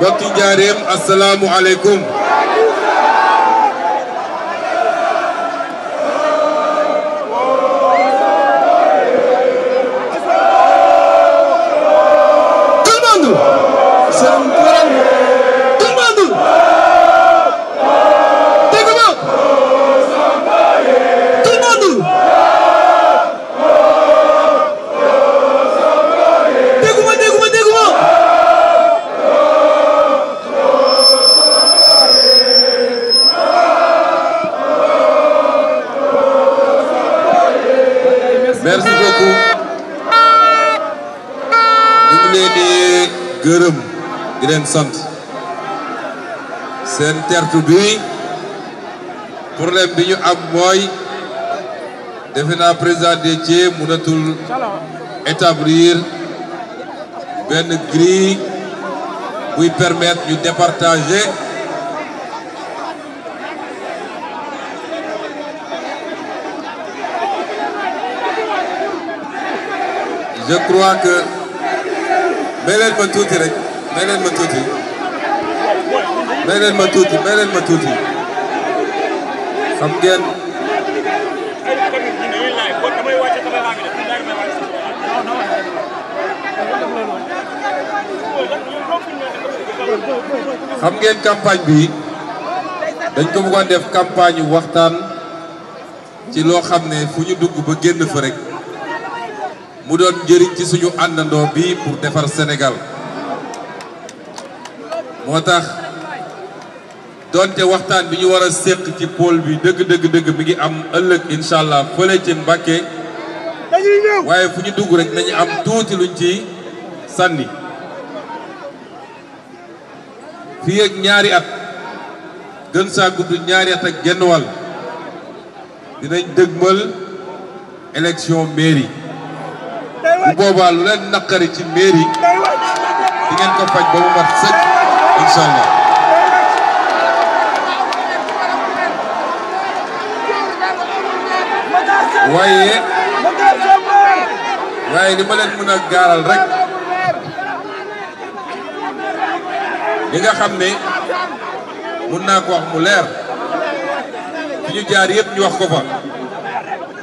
دكتور السلام عليكم leen sant seen tertu bi problème bi ñu am mooy defe naa président Déthié établir une grille buy permettre ñu départager je crois que. mais leen ma tuuti rek. may matuti, ma matuti, may matuti. Samgen. Samgen kampanye campagne bi dañ ko bëggoon def campagne waxtaan ci lo xamné ne fu ñu dugg ba génn fa rek mu doon jëriñ ci suñu andando bi pour défar Sénégal moo tax donte waxtaan bi ñu war a séq ci pôle bi dëgg dëgg dëgg mi ngi am ëllëg incha allah fële ci Mbàkke waaye fu ñu dugg rek nañu am tuuti luñ ci sànni fii ak ñaari at gën saa gudd ñaari at ak genn wàll dinañ dëgmal élection mairie bu boobaa lu leen naqari ci mairie di ngeen ko faj ba mu mat sëkk incha waaye waaye li ma leen mën a gaaral rek li nga xam ne mun naa ko wax mu leer fi ñu jaar yëpp ñu wax ko fa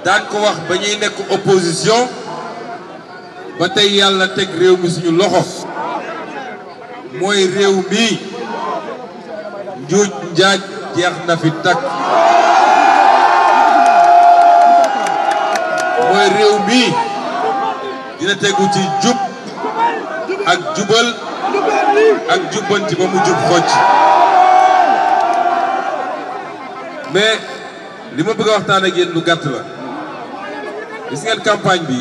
daan ko wax ba ñuy nekk opposition ba tey yàlla teg réew mi suñu loxo. mooy réew mi njuuj njaaj jeex na fi takk mooy réew mi dina tegu ci jub ak jubal ak jubbanti ba mu jub xocc mais li ma bëgg a waxtaan ak yéen lu gàtt la gis ngeen campagne bi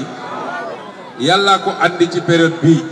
yàllaa ko andi ci période bii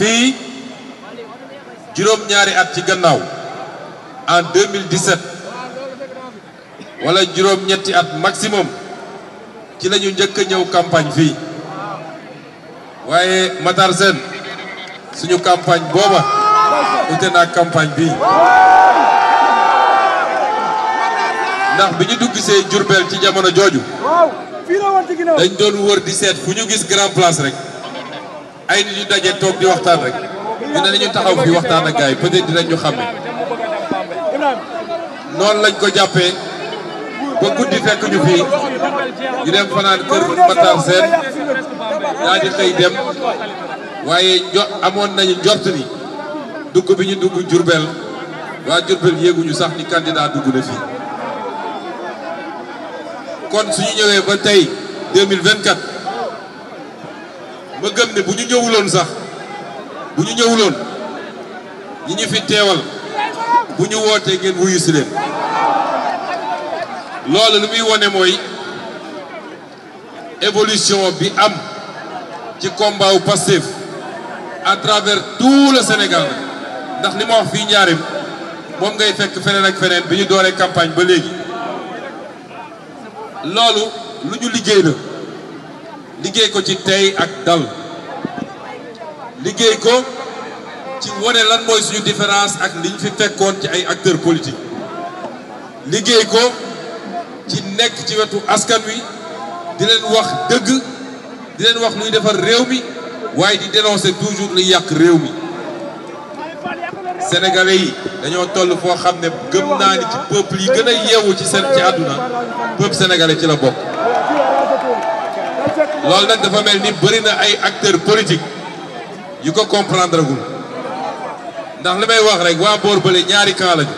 fii juróom-ñaari at ci gannaaw en 2017 wala juróom-ñetti at maximum ci la njëkk a ñëw campagne fii waaye Matar Sène suñu campagne booba ute naa campagne bii ndax bi ñu dugg see Jurbel ci jamono jooju dañ doon wër di seet fu ñu gis grand place rek ay nit ñu daje toog di waxtaan rek ñu ne ñu taxaw fi waxtaan ak gars yi peut-être ñu xàmme noonu lañ ko jàppe ba guddi fekk ñu fii ñu dem fanaan kër Matar Seen daal di xëy dem waaye jo amoon nañu jot ni dugg bi ñu dugg Diourbel waa Diourbel yéeguñu sax ni candidat dugg na fii kon suñu ñëwee ba tey ma gëm ne bu ñu ñëwuloon sax bu ñu ñëwuloon ñi ñu fi teewal bu ñu wootee ngeen wuyu si leen loolu lu muy wone mooy évolution bi am ci combat wu Pastef à travers tout le Sénégal ndax li ma wax fii ñaarim moom ngay fekk feneen ak feneen bi ñu dooree campagne ba léegi loolu lu ñu liggéey la liggéey ko ci ak dal ko ci woné lan différence ak liñ fi ci ay acteurs politiques ko ci nek ci wetu askan wi di len wax deug di len wax défar réew di dénoncer toujours yak sénégalais yi dañoo toll foo xam gëm naa ni ci peuple yi gën a ci ci peuple sénégalais ci la loolu nag dafa mel ni bëri na ay acteurs politiques yu ko comprendre gul ndax li may wax rek waa boor bële ñaari camp lañu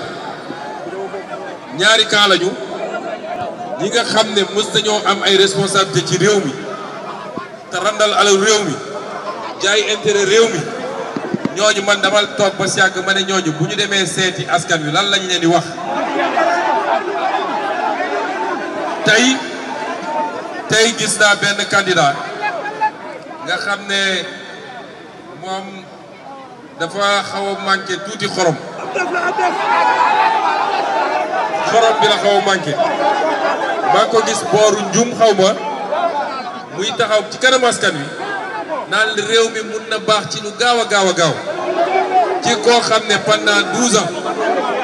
ñaari camp ju ñi nga xam ne mës nañoo am ay responsabilité ci réew mi te randal alal réew mi jaay intérêt réew mi ñooñu man damal toog ba si yàgg ma ne ñooñu bu ñu demee seeti askan wi lan lañ leen di wax tay gis na ben candidat nga xamné mom dafa xaw manké touti xorom xorom bi la xaw manké ba ko gis boru njum xaw muy taxaw ci kanam askan wi naan rew mi mën na bax ci lu gawa gawa gaw ci ko xamné pendant 12 ans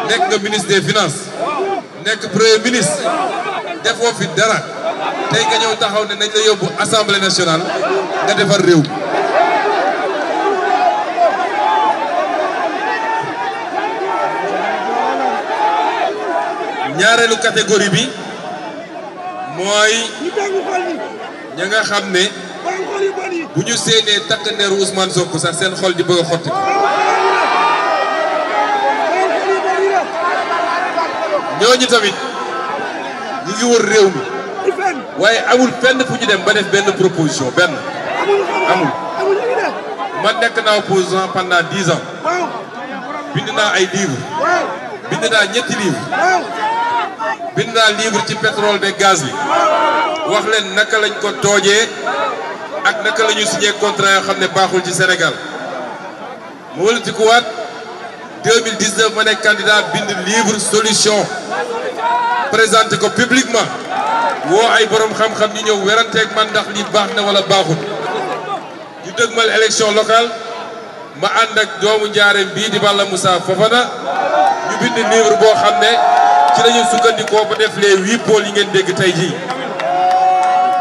nek nga ministre des finances nek premier ministre defo fi dara tey nga ñëw taxaw ne nañ la yóbbu assemblée nationale nga defar réew ñaareelu catégorie bi mooy ña nga xam ne bu ñu séenee takk ndeeru Ousmane Sonko sax seen xol di bëgg a xotti ñooñu tamit ñu ngi wër réew mi Oui, je veux faire ñu proposition Je amul en Je pendant dix ans. Je ay Je veux ñetti livres. suis en livre pétrole gaz Je wax leen naka lañ ko ak naka contrat Sénégal. veux 2019 mon candidat livre solution présenté ko publiquement woo ay boroom xam-xam ñu ñëw weranteeg man ndax lii baax na wala baaxut ñu dëgmal élection locale ma ànd ak doomu njaareem bii di Balla Moussa Fofana ñu bind livre boo xam ne ci la sukkandikoo ba def les huit pôles yi ngeen dégg tey jii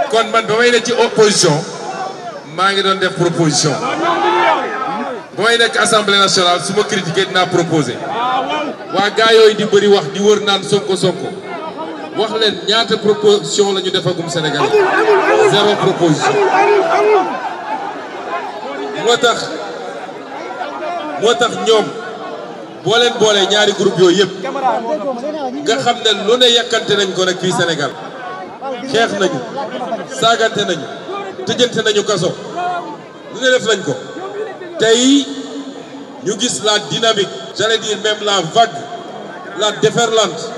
kon man ba may ne ci opposition maa ngi doon def proposition ba may nekk assemblée nationale su ma critiqué dinaa proposé waa gaa yooyu di bëri wax di wër naan sonko ko wax leen ñaata proposition la ñu defagum Sénégal zéro proposition moo tax moo tax ñoom boo leen boolee ñaari groupe yooyu yëpp nga xam ne lu ne yàkkante nañ ko nag fii Sénégal xeex nañu saagante nañu tëjante nañu kaso lu ne def nañ ko tey ñu gis la dynamique j'allais dire la vague la déferlante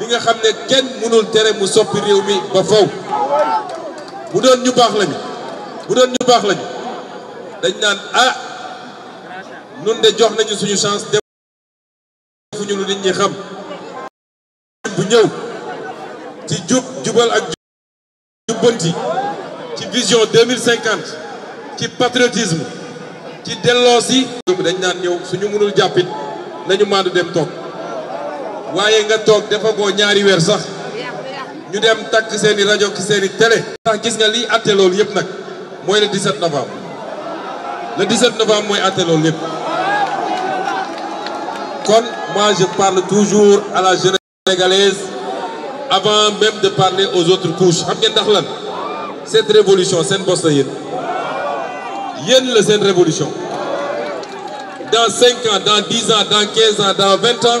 bi nga xam ne kenn mënul tere mu soppi réew mi ba faw bu doon ñu baax lañu bu doon ñu baax lañu dañ naan ah nun de jox nañu suñu chance defuñu lu nit ñi xam bu ñëw ci jub jubal ak jubbanti ci vision 2050 ci patriotisme ci delloosi dañ naan ñëw suñu mënul jàppit nañu maandu dem toog waaye nga ñaari sax ñu dem seeni télé. gis nga le 17 novembre le 17 novembre kon moi je parle toujours à la jeunesse sénégalaise avant même de parler aux autres couches ndax cette révolution sen la révolution dans 5 ans dans 10 ans dans 15 ans dans 20 ans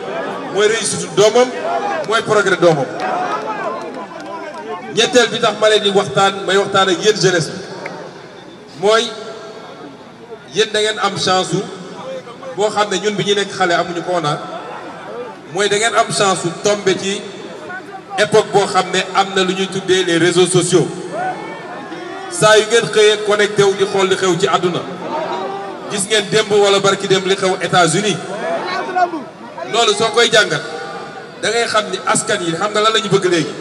mooy réussite doomam mooy progrès doomam ñetteel bi tax ma leen di waxtaan may waxtaan ak yéen jeunesse bi mooy yéen dangeen am chance u boo xam ne ñun bi ñu nekk xale amuñu ko woon mooy da ngeen am chance u tombe ci époque boo xam ne am na lu ñuy tuddee les réseaux sociaux saa yu ngeen xëyee connecté wu di xool li xew ci àdduna gis ngeen démb wala barki démb li xew États-Unis loolu soo koy jàngat dangay xam ni askan yi xam nga lan la ñu bëgg léegi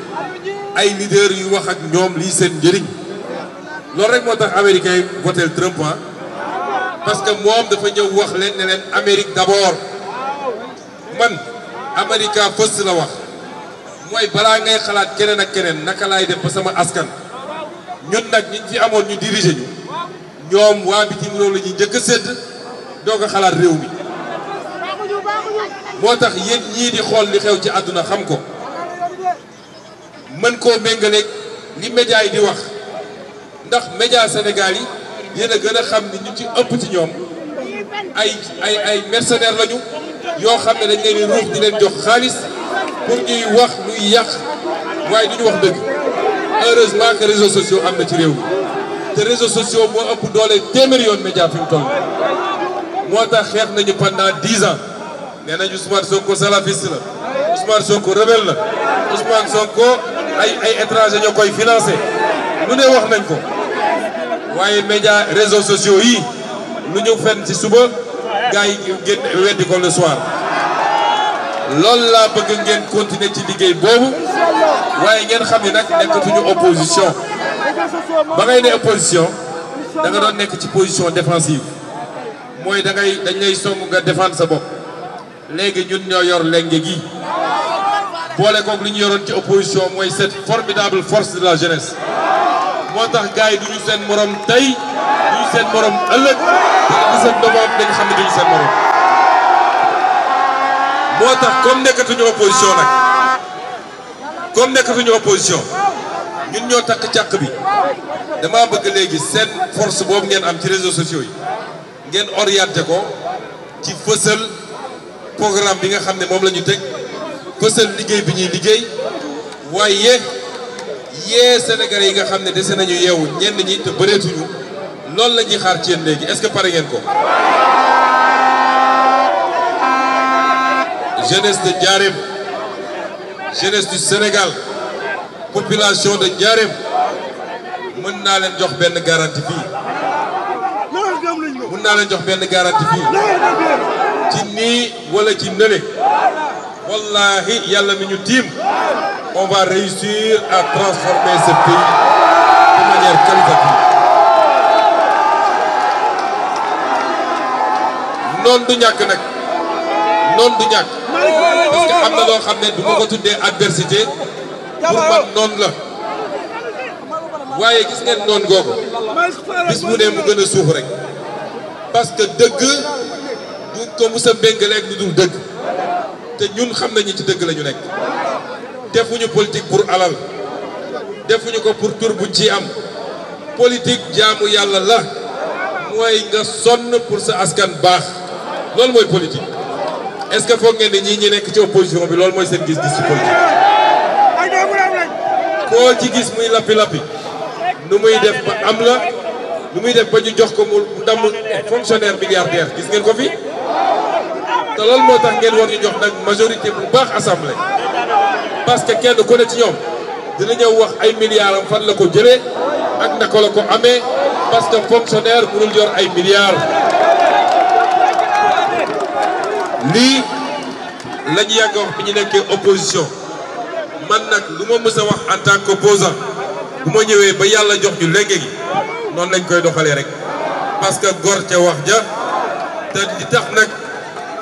ay leader yu wax ak ñoom lii seen njëriñ loolu rek moo tax américain yi votel Trump ah. parce que moom dafa ñëw wax leen ne leen Amérique d'abord man America first la wax mooy balaa ngay xalaat keneen ak keneen naka laay def ba sama askan ñun nag ñu ci amoon ñu diriger ñu ñoom waa bitim réew la ñuy njëkk sedd sédd doo ko xalaat réew mi moo tax yéen ñii di xool li xew ci àdduna xam ko mën koo méngaleeg li média yi di wax ndax média Sénégal yi yéen a gën a xam ni ñu ci ëpp ci ñoom ay ay ay mercenaires lañu yoo xam ne dañ leen di ruux di leen jox xaalis pour ñuy wax luy yàq waaye du ñu wax dëgg heureusement que réseaux sociaux am na ci réew mi te réseaux sociaux moo ëpp doole téeméeri yoon média fi mu toll moo tax xeex nañu pendant dix ans. nee Ousmane Sonko salafiste la Ousmane Sonko rebelle la Ousmane Sonko ay ay étranger ñokoy financer financé lu ne wax nañ ko waye média réseaux sociaux yi lu ñu fenn ci suba gaay yi ko le soir lool la bëgg ngeen continuer ci liggéey boobu waaye ngeen xam ni nag nekkatuñu opposition ba ngay ne opposition da nga doon nekk ci position défensive mooy da ngay dañ lay song nga défendre sa bopp léegi ñun ñoo yor lenge gi boole kook li ñu yoroon ci opposition mooy cette formidable force de la jeunesse moo tax gars yi duñu seen morom tey duñu seen morom ëllëg te seen novembre dañ xam ne duñu seen morom moo tax comme nekkatuñu opposition nag comme nekkatuñu opposition ñun ñoo takk càq bi dama bëgg léegi seen force boobu ngeen am ci réseaux sociaux yi ngeen orienté ko ci fësal programme bi nga xam ne moom la ñu teg pësal liggéey bi ñuy liggéey waaye yee Sénégalais yi nga xam ne dese nañu yeewu ñenn ñi te bëreetuñu loolu la ñuy xaar ci yéen léegi est-ce que pare ngeen ko. jeunesse de Ndiarème jeunesse du Sénégal population de Ndiarème mën naa leen jox benn garantie fii. mën naa leen jox benn garantie fii. ci wala ci nële wallahi yalla mi ñu tiim on va réussir à transformer ce pays de manière qualitative Non du ñàkk nag Non du ñàkk parce que am na loo du ma ko tuddee adversité pour man noonu la waaye gis ngeen noonu googu bis mu ne mu gën a rek parce que dëgg bu ko mus a méngaleeg lu dul dëgg te ñun xam nañu ci dëgg la ñu nekk defuñu politique pour alal defuñu ko pour tur buñ ci am politique yàlla la mooy nga sonn pour sa askan baax loolu mooy politique ce que foog ngeen ne ñii ñi nekk ci bi loolu mooy seen gis-gis ci koo ci gis muy lappi-lappi nu muy def ba am la nu muy def ba ñu jox ko mu damm fonctionnaire milliardaire gis ngeen ko fi te loolu moo tax ngeen war ñu jox nag majorité bu baax assemblée parce que kenn ku ne ci ñoom dina ñëw wax ay milliards fan la ko jëlee ak naka la ko amee parce que fonctionnaire mënul yor ay milliards. lii la ñu yàgg wax bi ñu nekkee opposition man nag lu ma mës wax en tant qu'opposant bu ma ñëwee ba yàlla jox ñu léegi gi noonu lañ koy doxalee rek parce que gor ca wax ja te li tax nag.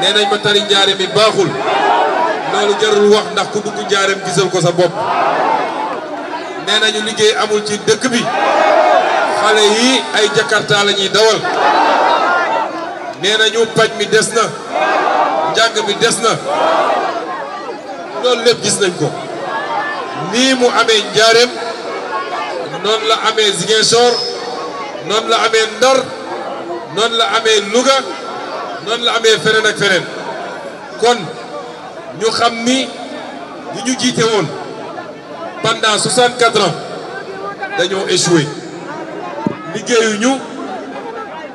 nee nañ ma tari njaareem mi baaxul loolu jarul wax ndax ku dugg njaareem gisal ko sa bopp nee nañu liggéey amul ci dëkk bi xale yi ay jakarta lañuy ñuy dawal nee nañu paj mi des na njàng mi des na loolu lépp gis nañ ko nii mu amee njaareem noonu la amee Ziguinchor noonu la amee Ndar noonu la amee Louga noonu la amé fenen ak fenen kon ñu xam ni ñi ñu jité won pendant 64 ans dañu échoué ligéyu ñu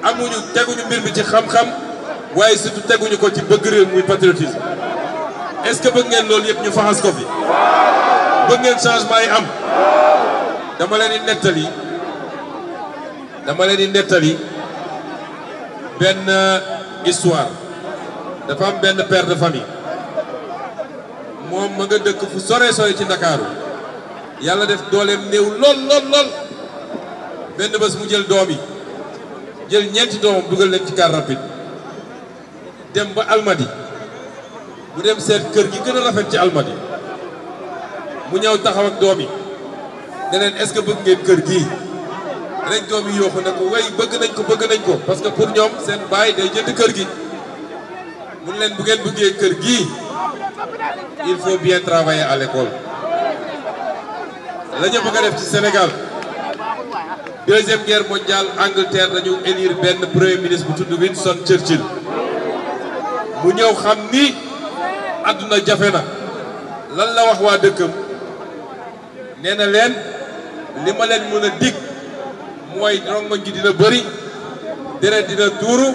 amuñu teguñu mbir bi ci xam-xam waaye surtout teguñu ko ci bëgg réew muy patriotisme est-ce que bëgg ngeen lool yëpp ñu faxas ko fi bëgg ngeen changement yi am dama leen di netali dama leen di nettali benn histoire dafa am benn père de famille moom ma nga dëkk fu sore sore ci ndakaaru yàlla def dooleem néew lool lool benn bés mu jël doom yi jël ñeenti doomam dugal leen ci car rapide dem ba almadi bu dem seet kër gi gën a rafet ci almadi mu ñëw taxaw ak doom yi leen est-ce que bëgg kër gii rek doom yi yooxu ne ko way bëgg nañ ko bëgg nañ ko parce que pour ñoom seen baay day jënd kër gi mun leen bu ngeen bëggee kër gi il faut bien travailler à l'école la ñu bëgg def ci Sénégal deuxième guerre mondiale Angleterre dañu élire benn premier ministre bu tudd Winston Churchill mu ñëw xam ni àdduna jafe na lal la wax waa dëkkam nee na leen li ma leen mën a dig mooy rongoñ gi dina bëri deret dina tuuru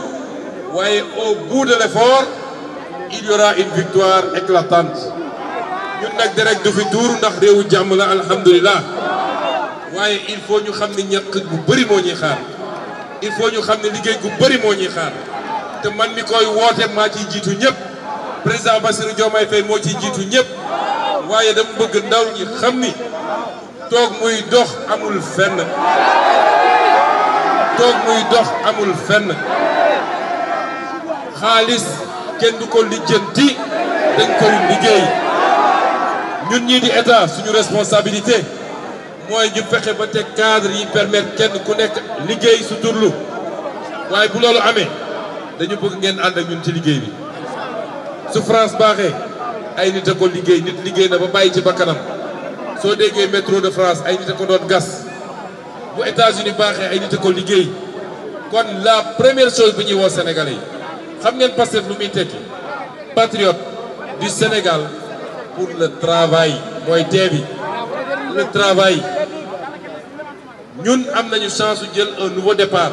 waaye au bout de l'effort il y aura victoire éclatante ñun nag deret du fi tuuru ndax réewu jàmm la alhamdulilah waaye il faut ñu xam ne ñàkk bu bëri moo ñuy xaar il faut ñu xam ne liggéey gu bëri moo ñuy xaar te man mi koy woote maa ciy jiitu ñëpp président Bassirou Diomaye Faye moo ciy jiitu ñëpp waaye dama bëgg ndaw ñi xam ni toog muy dox amul fenn toog muy dox amul fenn xaalis kenn du ko lijjanti dañ koy liggéey ñun ñii di état suñu responsabilité mooy ñu fexe ba teg cadre yi permettre kenn ku nekk liggéey su turlu waaye bu loolu amee dañu bëgg ngeen ànd ak ñun ci liggéey bi su France baaxee ay nit a ko liggéey nit liggéey na ba bàyyi ci bakkanam soo déggee métro de France ay nit a ko doon gas les États-Unis baaxee ay nit a ko la première chose bi ñuy woo Sénégalais Nous xam ngeen patriote du Sénégal pour le travail le travail Nous avons nañu chance de faire un nouveau départ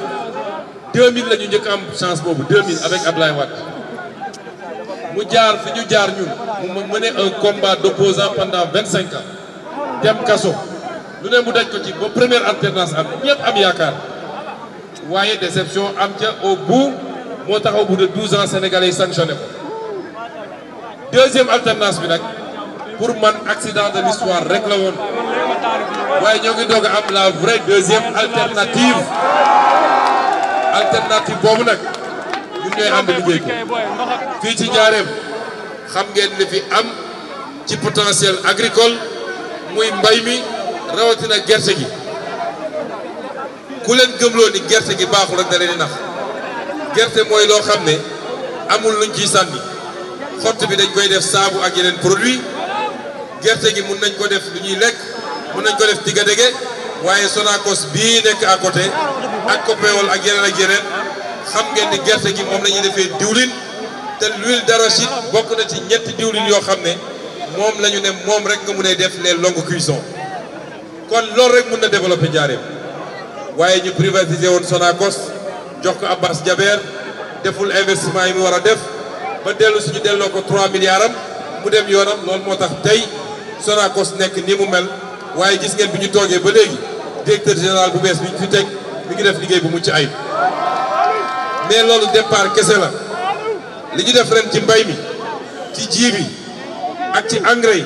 2000 nous avons une am chance 2000 avec Abdoulaye Watt. mu jaar un combat d'opposant pendant 25 ans dem nous vous une première alternance am déception am au bout au bout de 12 ans sénégalais deuxième alternance pour man accident de l'histoire la la vraie deuxième alternative alternative pour vous. Vous vous liggéey Vous potentiel agricole muy rawatina gerte gi ku leen ni gerte gi baaxul da nax gerte moy lo xam amul luñ ci sanni xott bi dañ koy def saabu ak produit gi nañ ko def luñuy lekk nañ ko def à côté ak Copéol ak yeneen ak yeneen xam ngeen ni l'huile d'arachide bokk na ci ñett diwlin yo ne lañu ne rek nga mune kon loolu rek mun na développer Njaaréem waaye ñu privatiser woon Sonacos jox ko Abbas jabeer deful investissement yi mu war a def ba dellu suñu delloo ko 3 milliards mu dem yoonam loolu moo tax tey Sonacos nekk nii mu mel waaye gis ngeen bi ñu toogee ba léegi directeur général bu bees bi ñu fi teg mi ngi def liggéey bu mucc ay mais loolu départ kese la li ñu def ren ci mbay mi ci ji bi ak ci engrais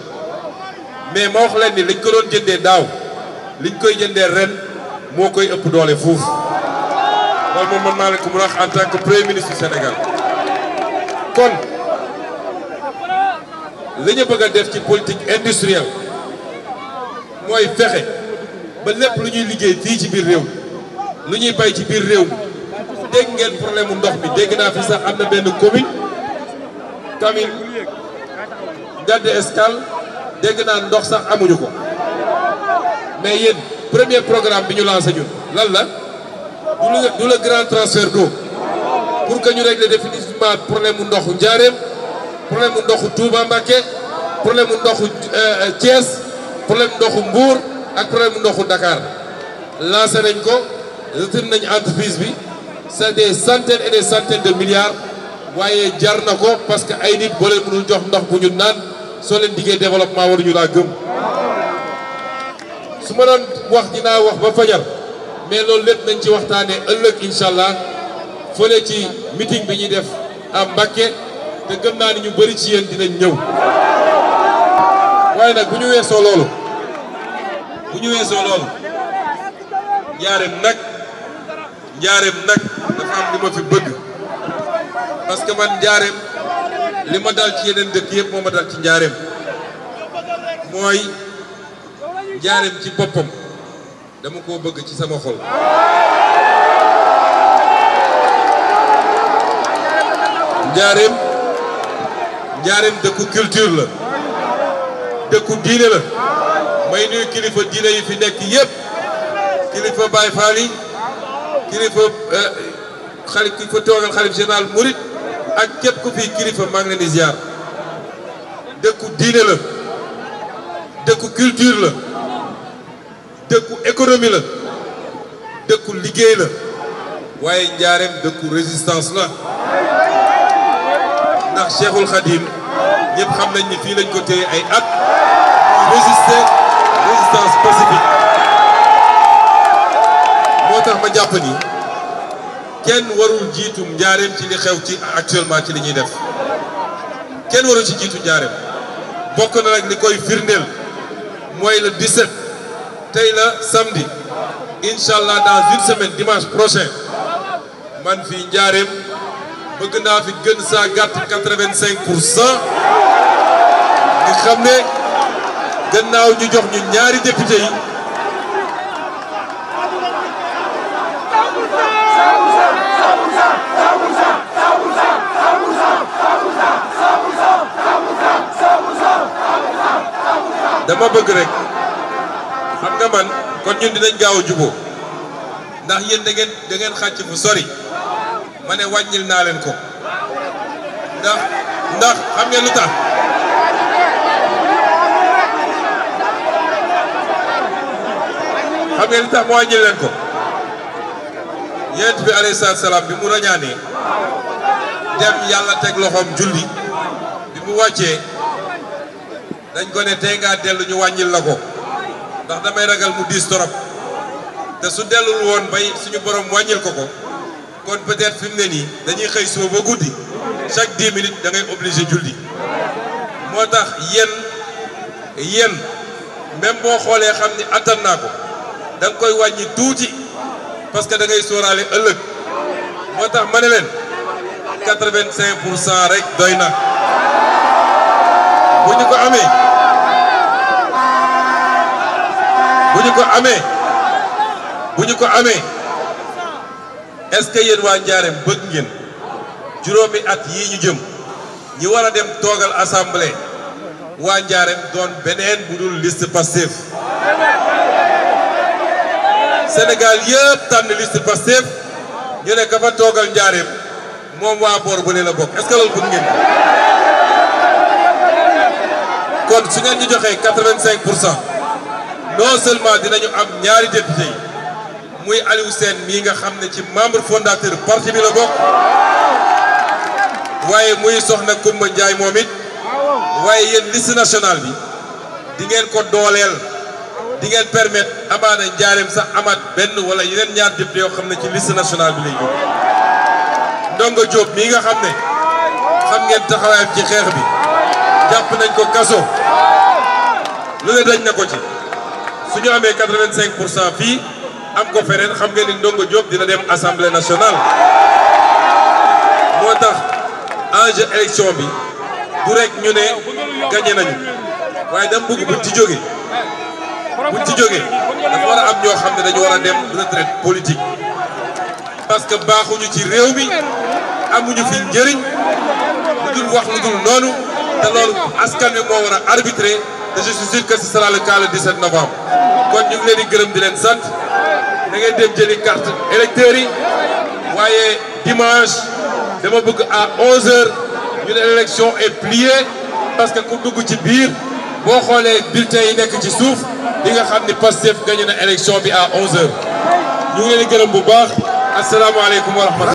mais ma wax leen ni lañ ko doon jëndee daaw liñ koy jëndee ren moo koy ëpp doole fuuf loolu moom man maa leen ko en tant que premier ministre du kon li bëgg a def ci politique industrielle mooy fexe ba lépp lu ñuy liggéey fii ci biir réew lu ñuy bay ci biir réew dégg ngeen problème mu ndox bi dégg naa fi sax am na benn commune tamit Gadde Escale dégg naa ndox sax amuñu ko mais yéen premier programme bi ñu lancé ñun lan la le grand transfert d'eau pour que ñu régler définitivement problème mu ndoxu Njaareem problème mu ndoxu Touba Mbacké problème mu ndoxu euh, Thiès problème mu ndoxu Mbour ak problème mu ndoxu dakaar lancé nañ ko retiré nañ entreprise bi c'est des centaines et des de milliards waaye jar na ko parce que ay nit boo leen jox ndox bu ñu naan. soo leen diggee développement waruñu laa gëm su ma doon wax dinaa wax ba fajar mais loolu lépp nañ ci waxtaanee ëllëg incha allah fële ci meeting bi ñuy def am Mbacké te gëm naa ni ñu bëri ci yéen dinañ ñëw. waaye nag bu ñu weesoo loolu bu ñu weesoo loolu njaareem nag njaareem nag dafa am li ma fi bëgg parce que man njaareem. li ma dal ci yeneen dëkk yëpp moo ma dal ci njaareem mooy njaareem ci boppam dama koo bëgg ci sama xol njaareem njaareem dëkku culture la dëkku diine la may nuyu kilifa diine yi fi nekk yëpp kilifa Baye Fall yi kilifa eh, xali ki fa toogal xalif général ak képp ku fi kilifa maa ngi leen di ziar dëkku diine la dëkku culture la dëkku économie la dëkku liggéey la waaye njaareem dëkku résistance la ndax Cheikhul Khadim ñëpp xam nañ ni fii lañ ko téye ay at résisté résistance pacifique moo tax ma jàpp ni kenn warul jiitu njaareem ci li xew ci actuellement ci li ñuy def kenn warul ci jiitu njaareem bokk na nag li koy firndeel mooy le 17 tey la samedi incha allah dans une semaine dimanche prochain man fii njaareem bëgg naa fi gën saa gàtt 85 pour cent nga xam ne gannaaw ñu jox ñu ñaari député yi. dama bëgg rek xam nga kon ñun dinañ gaaw a juboo ndax yéen da ngeen da ngeen xàcc sori ma ne wàññil naa leen ko ndax ndax xam ngeen lu tax xam ngeen ma leen ko yonent bi alayhi salaatu salaam bi mu rañaanee dem yàlla teg loxoom julli bi mu wàccee dañ ko ne tey ngaa dellu ñu wàññil la ko ndax damay ragal mu diis torop te su dellul woon bay suñu borom wàññil ko ko kon peut-être fi mu nii dañuy xëy suba ba guddi chaque dix minutes dangay ngay obligé julli moo tax yéen yéen même boo xoolee xam ni attan naa ko da nga koy wàññi tuuti parce que da ngay sóoraale ëllëg moo tax ma ne leen quatre-vingt-cinq pour cent rek doy na bu ñu ko amee bu ñu ko amee bu ñu ko amee est-ce que yéen waa Njaareem bëgg ngeen juróomi at yi ñu jëm ñi war a dem toogal assemblée waa Njaareem doon beneen bu dul liste Pastef Sénégal yëpp tànn liste Pastef ñu ne ka fa toogal Njaareem moom waa boor bu leen la bokk est que loolu bëgg ngeen kon su ngeen ñu joxé 85% non seulement dinañu am ñaari député muy Aliou Sène mi nga xamné ci membre fondateur parti bi la bok waye muy soxna Kumba Ndjay momit waye yéen liste nationale bi di ngeen ko dolel di ngeen permettre amana njaareem sax amaat ben wala yeneen ñaar député yo xamné ci liste nationale bi lay jox ndongo job mi nga xamné xam ngeen taxaway ci xex bi jàpp nañ ko kaso lu ne dañ na ko ci su ñu amee quatre-vingt-cinq pour cent fii am ko feneen xam ngeen ni Ndongo Diop dina dem assemblée nationale moo tax enjeu élection bi bu rek ñu ne gagné nañu waaye dama bëgg buñ ci jógee buñ ci jógee dafa war a am ñoo xam ne dañu war a dem retraite politique parce baaxuñu ci réew mi amuñu fi njëriñ lu dul wax lu dul noonu Alors, à ce arbitré je suis sûr que ce sera le cas le 17 novembre Quand nous ngi dire, gërëm di dimanche à 11h une élection est pliée parce que ku dugg ci biir bulletins yi nekk ci souffrent. di nga élection à 11h ñu ngi Nous